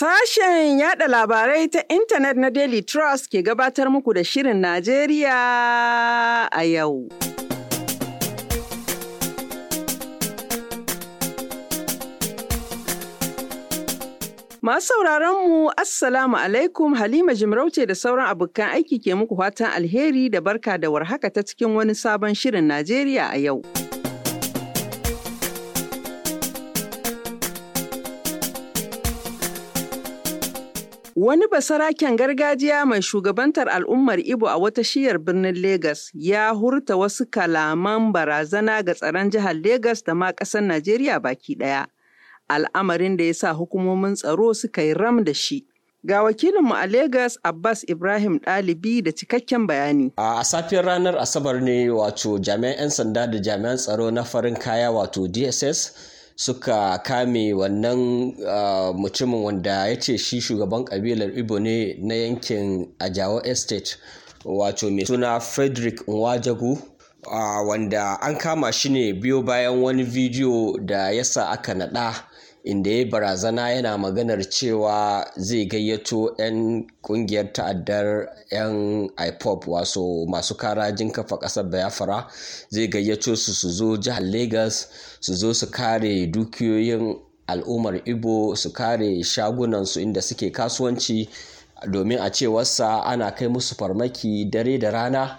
Sashen yada labarai ta intanet na Daily Trust ke gabatar muku da Shirin Najeriya a yau. Masu sauraron mu Assalamu alaikum Halima Jimarauce da sauran abokan aiki ke muku fatan alheri da barka da warhaka ta cikin wani sabon Shirin Najeriya a yau. Wani basaraken gargajiya mai shugabantar al'ummar Ibo a wata shiyar birnin Legas ya hurta wasu kalaman barazana ga tsaron jihar Legas da ma ƙasar Najeriya baki ɗaya. Al'amarin da ya sa hukumomin tsaro suka yi ram da shi. Ga wakilinmu a Legas Abbas Ibrahim ɗalibi da cikakken bayani. A safiyar ranar Asabar ne wato jami'an 'yan sanda da jami'an tsaro na farin kaya wato DSS suka kame wannan ah, mutumin wanda ya ce shi shugaban kabilar ibo ne na yankin ajawa estate wato mai suna frederick nwajagu ah, wanda an kama shi ne biyo bayan wani bidiyo da yasa aka nada inda ya barazana yana maganar cewa zai gayyato 'yan kungiyar ta'addar 'yan ipop wasu masu karajin kafa ƙasar biafra zai gayyato su su zo jihar lagos su zo su kare dukiyoyin al'ummar ibo su kare shagunansu inda suke kasuwanci domin a cewarsa ana kai musu farmaki dare da rana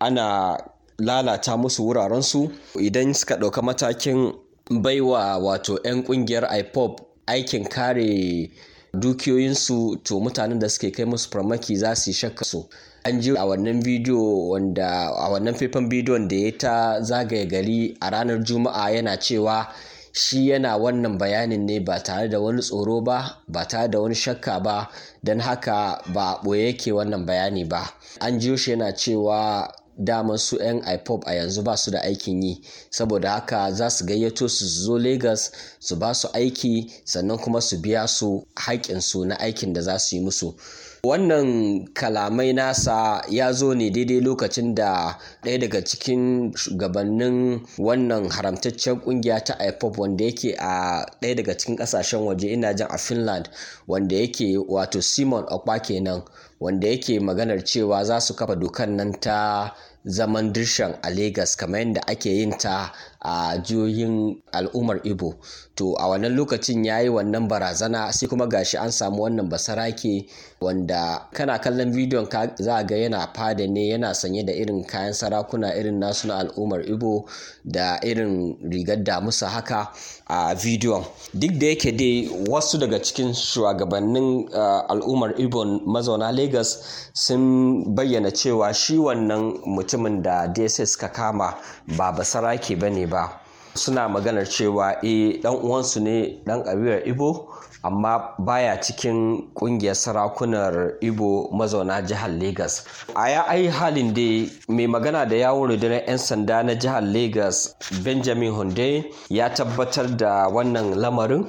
ana lalata musu wurarensu idan suka ɗauka matakin bai wa wato 'yan kungiyar ipop aikin kare dukiyoyinsu to mutanen da suke kai musu farmaki za su yi shakka su an ji a wannan bidiyo wanda a wannan faifan bidiyon da ya ta zagaye gari a ranar juma'a yana cewa shi yana wannan bayanin ne ba tare da wani tsoro ba ba tare da wani shakka ba don haka ba a ɓoye yake wannan bayani ba an jiyo shi yana cewa daman su 'yan ipop a yanzu ba su da aikin yi saboda haka za su gayyato su zo lagos su ba su aiki sannan kuma su biya su haƙƙinsu na aikin da za su yi musu Wannan kalamai nasa ya zo ne daidai lokacin da ɗaya daga cikin shugabannin wannan haramtaccen kungiya ta IPOP wanda yake a ɗaya daga cikin ƙasashen waje ina jan a Finland wanda yake wato Simon Okpa kenan wanda yake maganar cewa za su kafa dokar nan ta zaman dirshan a Legas kamar yadda ake yin ta a jihohin al'ummar Ibo. To a wannan lokacin ya yi wannan barazana sai kuma gashi an samu wannan basarake wanda kana kallon bidiyon ka za ga yana fada ne yana sanye da irin kayan sarakuna irin nasu na al'ummar Ibo da irin rigar damusa haka a bidiyon. Duk da yake dai wasu daga cikin shugabannin al'ummar Ibo mazauna Lagos sun bayyana cewa shi wannan mutumin da DSS ka kama ba basarake ba ne ba suna maganar cewa e dan uwansu ne dan kabilar ibo amma baya cikin kungiyar sarakunar ibo mazauna jihar Legas. a ya ai halin da mai magana da yawon rundunar 'yan sanda na jihar Legas, benjamin hunde ya tabbatar da wannan lamarin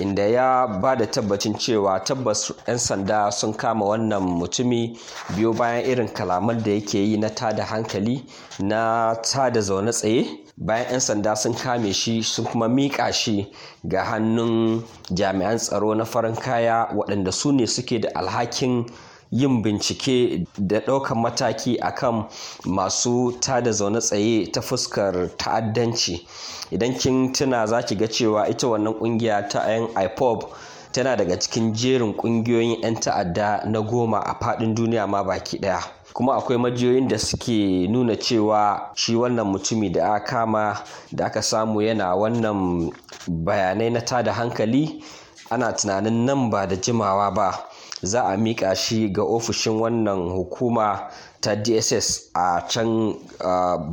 inda ya ba da tabbacin cewa tabbas 'yan sanda sun kama wannan mutumi biyo bayan irin kalaman da yake yi na tada hankali na tada zaune tsaye bayan 'yan sanda sun kame shi sun kuma miƙa shi ga hannun jami'an tsaro na farin kaya waɗanda su ne suke da alhakin yin bincike da ɗaukar mataki a kan masu tada zaune tsaye ta fuskar ta'addanci idan kin tuna za ki ga cewa ita wannan ƙungiya ta 'yan ipob tana daga cikin jerin ƙungiyoyin 'yan ta'adda na goma a faɗin duniya ma baki ɗaya kuma akwai majiyoyin da suke nuna cewa shi wannan mutumi da aka kama da aka samu yana wannan bayanai na tada hankali ana tunanin nan ba da jimawa ba za a miƙa shi ga ofishin wannan hukuma ta dss a can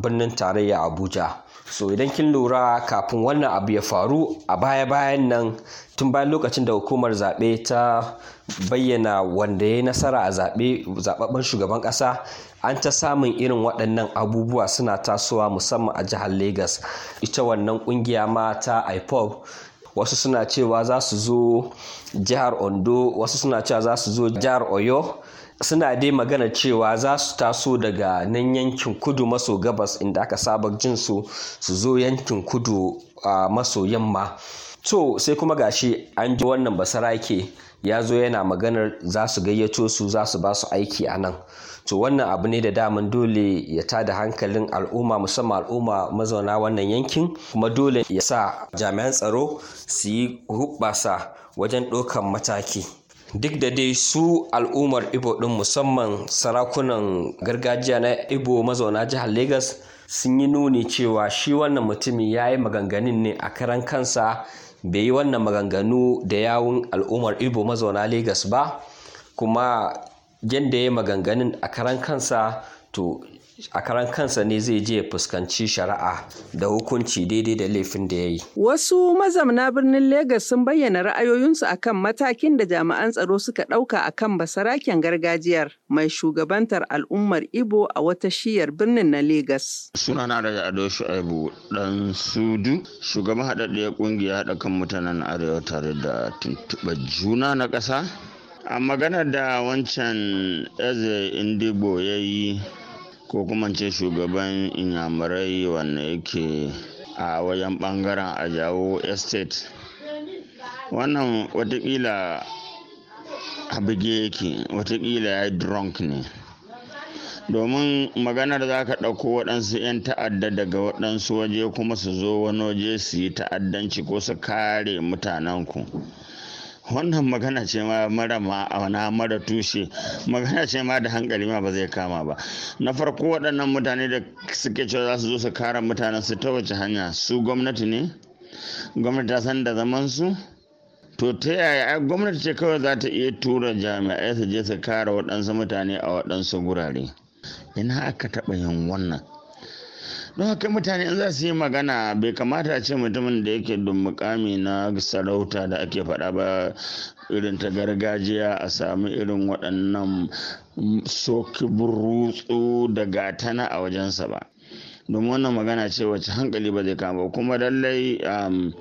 birnin tarayya abuja so idan kin lura kafin wannan abu ya faru a baya-bayan nan tun bayan lokacin da hukumar zaɓe ta bayyana wanda ya yi nasara a zaɓaɓɓen shugaban ƙasa an ta samun irin waɗannan abubuwa suna tasowa musamman a jihar lagos ita wannan ƙungiya ma ta ipob wasu suna cewa za su zo jihar ondo wasu suna cewa za su zo jihar oyo suna dai magana cewa za su taso daga nan yankin kudu maso gabas inda aka saba jin su su zo yankin kudu ah, maso yamma to sai kuma gashi an ji wannan basarake ya zo yana maganar za su gayyato su za su ba su aiki a nan to wannan abu ne da daman dole ya ta da hankalin al'umma musamman al'umma mazauna wannan yankin kuma dole ya sa jami'an tsaro su yi hubbasa wajen ɗaukan mataki duk da dai su al'ummar ibo ɗin musamman sarakunan gargajiya na ibo mazauna jihar lagos sun yi nuni cewa shi wannan mutumin ya yi maganganun ne a karan kansa bai yi wannan maganganu da yawun al'ummar ibo mazauna Legas ba kuma yadda ya yi maganganun a karan kansa to a karan kansa ne zai je fuskanci shari'a da hukunci daidai da laifin da ya yi. Wasu mazamna birnin Legas sun bayyana ra'ayoyinsu akan matakin da jami'an tsaro suka ɗauka akan basaraken gargajiyar mai shugabantar al'ummar Ibo a wata shiyar birnin na Legas. Suna na daga Ado Shu'aibu dan Sudu, shugaban haɗaɗɗiyar ƙungiyar haɗa kan mutanen Arewa tare da tuntuɓar juna na ƙasa. A magana da wancan Eze Indigo ya yi ko kuma ce shugaban inyamurai wanda yake a wajen bangaren ajawo estate wannan watakila abige yake watakila ya yi drunk ne domin maganar za ka ɗauko waɗansu 'yan ta'adda daga waɗansu waje kuma su zo wani waje su yi ta'addanci ko su kare mutanenku. wannan magana ce ma mara wani mara tushe magana ce ma da hankali ma ba zai kama ba na farko waɗannan mutane da suke cewa za su zo su kare mutanen su ta wace hanya su gwamnati ne gwamnati ta san da zaman su to ta yaya gwamnati ce kawai za ta iya tura jami'ai su je su kare waɗansu mutane a waɗansu gurare ina aka taɓa yin wannan don haka mutane za su yi magana bai kamata a ce mutumin da yake mukami na sarauta da ake faɗa ba irin ta gargajiya a sami irin waɗannan soki burutsu da gatana a wajensa ba don wannan magana ce wacce hankali ba zai kama kuma lallai um,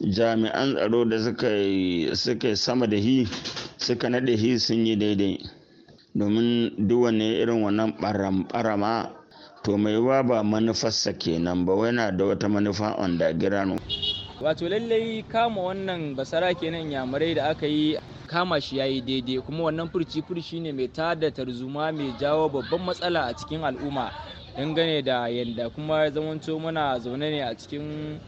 jami'an tsaro da suka sama da hi suka naɗe hi sun yi daidai domin duwane irin wannan ɓarama to mai yiwuwa ba manufarsa kenan ba na da wata manufa on da wato lallai kama wannan basara kenan yamurai da aka yi kama shi yayi daidai kuma wannan furci furci ne mai tada tarzuma mai jawo babban matsala a cikin al'umma dangane da yadda kuma zamanto muna zaune ne a cikin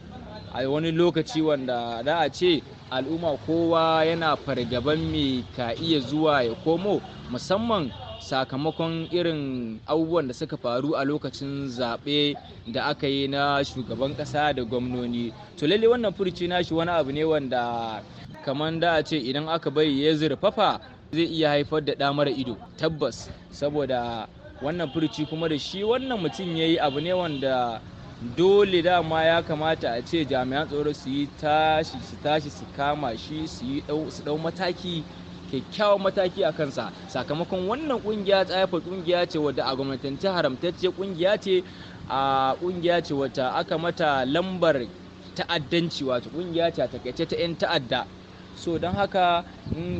a wani lokaci wanda da a ce al'umma kowa yana fargaban mai ka iya zuwa ya komo musamman sakamakon irin abubuwan da suka faru a lokacin zaɓe da aka yi na shugaban ƙasa da gwamnoni to lalle wannan furci nashi wani abu ne wanda kamar da a ce idan aka bai ya zurfafa zai iya haifar da ɗa mara ido tabbas saboda wannan furci kuma da shi wannan mutum ya yi abu ne wanda dole dama ya kamata a ce jami'an tsaro su yi su tashi su kama shi su dau mataki kyakkyawan mataki a kansa sakamakon wannan kungiya tsayafa kungiya ce wadda a gwamnatance haramtacce kungiya ce a kungiya ce wata aka mata lambar ta'addanci wato kungiya ce a takaice ta 'yan ta'adda so don haka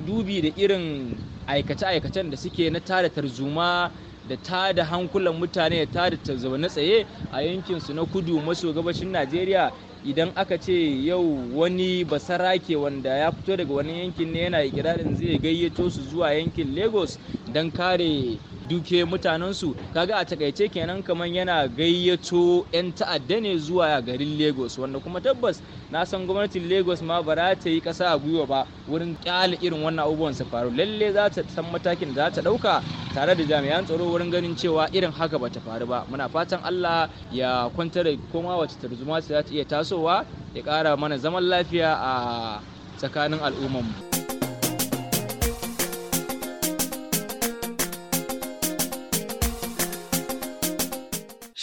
dubi da irin aikace-aikacen da suke na tada tarzuma da tada hankulan mutane da tada tarzoma na tsaye a yankinsu na kudu maso gabashin najeriya idan aka ce yau wani basarake wanda ya fito daga wani yankin ne yana ikirarin zai gayyato su zuwa yankin lagos don kare duke mutanensu kaga a takaice kenan kamar yana gayyato 'yan ta'adda ne zuwa garin lagos wanda kuma tabbas na san gwamnatin lagos ma ba za ta yi kasa a gwiwa ba wurin kyale irin wannan abubuwan su faru lalle za ta san matakin da za ta ɗauka tare da jami'an tsaro wurin ganin cewa irin haka ba ta faru ba muna fatan allah ya kwantar da koma wacce tarzoma za ta iya tasowa ya kara mana zaman lafiya a tsakanin mu.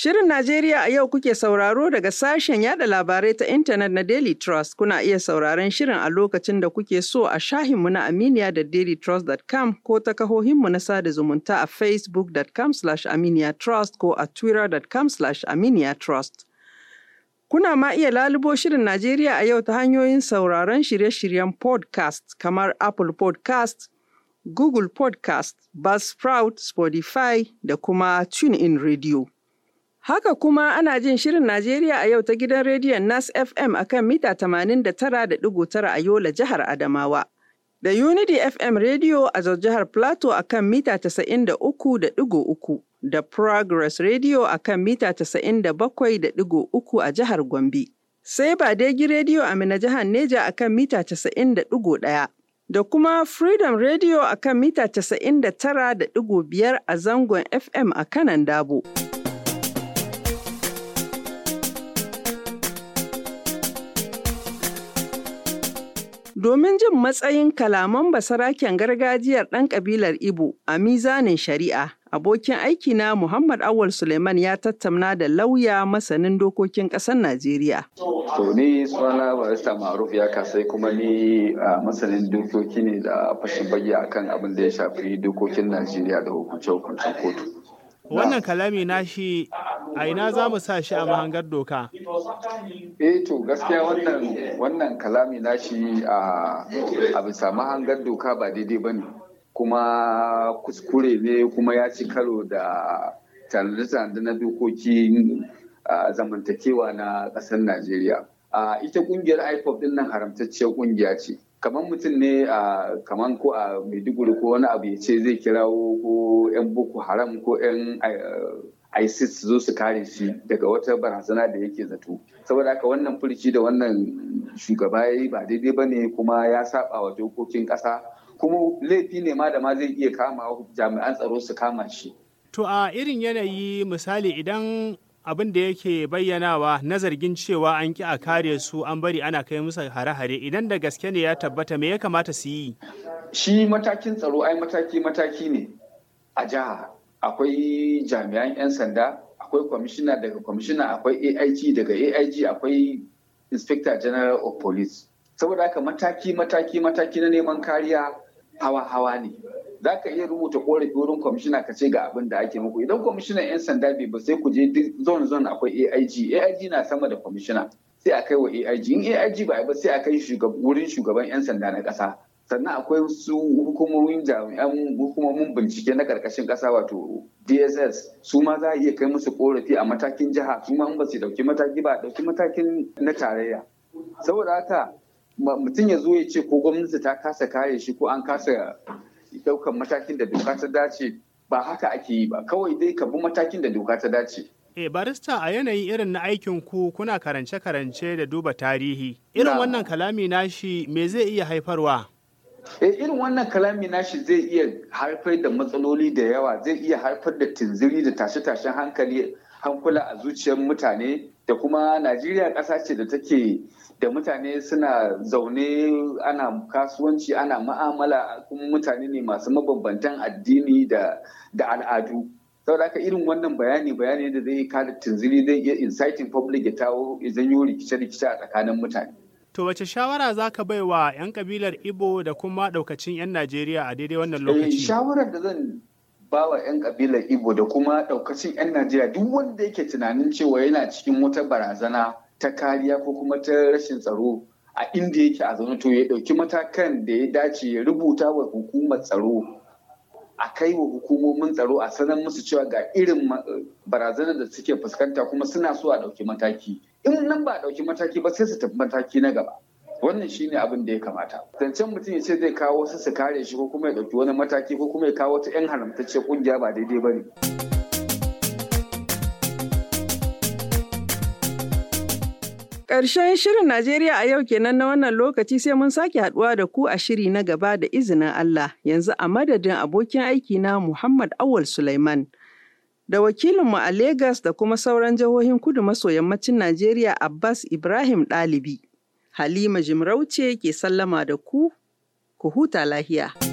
Shirin Najeriya a yau kuke sauraro daga sashen yada labarai ta intanet na Daily Trust. Kuna iya sauraron shirin a lokacin da kuke so a shahinmu na Aminiya da dailytrust.com ko ta kahohinmu na sada zumunta a facebook.com slash aminiyatrust ko a twitter.com slash aminiyatrust. Kuna ma iya lalubo shirin Najeriya a yau ta hanyoyin sauraron shirye-shiryen podcast kamar Apple podcast, Google podcast, Buzzsprout, Spotify da kuma TuneIn Radio. Haka kuma ana jin Shirin Najeriya a yau ta gidan rediyon Nas FM a kan mita 89.9 a Yola jihar Adamawa. Da Unity FM Radio a jihar Plateau a kan mita 93.3 da Progress Radio a kan mita 97.3 a jihar Gombe. Sai Badegi Radio a Mina jihar Neja a kan mita 90.1. da kuma Freedom Radio a kan mita 99.5 a zangon FM a kanan Dabo. domin jin matsayin kalaman basaraken gargajiyar ɗan ƙabilar Igbo a mizanin shari'a. Abokin aikina Muhammad Awal Suleiman ya tattauna da lauya masanin dokokin ƙasar Najeriya. To ni sunana barista Maruf ya kasai kuma ni masanin dokoki ne da fashin bayya kan abin da ya shafi dokokin Najeriya da hukunce-hukuncen kotu. Wannan kalami nashi a ina za mu sa shi a mahangar doka eh to gaskiya wannan wannan kalami nashi a a bisa mahangar doka ba daidai ba ne, kuma kuskure ne kuma ya ci karo da tanade-tanade na dokokin zamantakewa na ƙasar najeriya ita ƙungiyar ipop din nan haramtacciyar ƙungiya ce kamar mutum ne a kamar ko a maiduguri ko wani abu ya ce zai kirawo ko 'yan boko haram ko 'yan eh, isis zo su kare shi daga wata barazana da yake zato saboda haka wannan furci da wannan shugaba ya yi ba daidai ba ne kuma ya saba wa dokokin ƙasa kuma laifi ne ma da ma zai iya kama jami'an tsaro su kama shi to a irin yanayi misali idan abin da yake bayyanawa na zargin cewa an ki a kare su an bari ana kai musu hare-hare idan da gaske ne ya tabbata me ya kamata su yi shi matakin tsaro ai mataki-mataki ne a jiha akwai jami'an 'yan sanda akwai kwamishina daga kwamishina akwai aig daga aig akwai inspector general of police saboda haka mataki mataki mataki na neman kariya hawa hawa ne za ka iya rubuta korafi wurin kwamishina ka ce ga abin da ake muku idan kwamishinan 'yan sanda bai ba sai ku je duk zone zone akwai aig aig na sama da kwamishina sai a kai wa aig in aig ba ba sai a kai wurin shugaban 'yan sanda na ƙasa sannan akwai su hukumomin jami'an hukumomin bincike na karkashin ƙasa wato dss su ma za a iya kai musu korafi a matakin jiha su ma ba su dauki mataki ba dauki matakin na tarayya saboda haka mutum ya zo ya ce ko gwamnati ta kasa kare shi ko an kasa daukan matakin da doka ta dace ba haka ake yi ba kawai dai ka bi matakin da doka ta dace E barista a yanayin irin na aikin ku kuna karance-karance da duba tarihi irin wannan kalami nashi me zai iya haifarwa Eh, irin wannan kalami nashi zai iya haifar da matsaloli da yawa zai iya haifar da tinziri da tashe-tashen hankali hankula a zuciyar mutane da kuma najeriya ƙasa ce da take da mutane suna zaune ana kasuwanci ana ma'amala kuma mutane ne masu mabambantan addini da al'adu saboda haka irin wannan bayani bayani da zai kada tunziri zai iya inciting public ya tawo janyo rikice-rikice a tsakanin mutane To wace shawara za ka bai wa 'yan kabilar Ibo da kuma daukacin 'yan Najeriya a daidai wannan lokaci? Eh, shawarar da zan bawa 'yan kabilar Igbo da kuma ɗaukacin 'yan Najeriya duk wanda yake tunanin cewa yana cikin wata barazana ta kariya ko kuma ta rashin tsaro a inda yake a zaune to ya ɗauki matakan da ya dace ya rubuta wa hukumar tsaro a kai wa hukumomin tsaro a sanar musu cewa ga irin barazanar da suke fuskanta kuma suna so a ɗauki mataki in nan ba a ɗauki mataki ba sai su tafi mataki na gaba wannan shi ne abin da ya kamata zancen mutum ya ce zai kawo wasu su kare shi ko kuma ya ɗauki wani mataki ko kuma ya kawo ta 'yan haramtacce kungiya ba daidai ba ne. Ƙarshen shirin Najeriya a yau kenan na wannan lokaci sai mun sake haɗuwa da ku a shiri na gaba da izinin Allah yanzu a madadin abokin aiki na Muhammad Awal Sulaiman. Da wakilinmu a Legas da kuma sauran jihohin kudu maso yammacin Najeriya Abbas Ibrahim Ɗalibi. Halima Jimarauce ke sallama da ku, ku huta lahiya.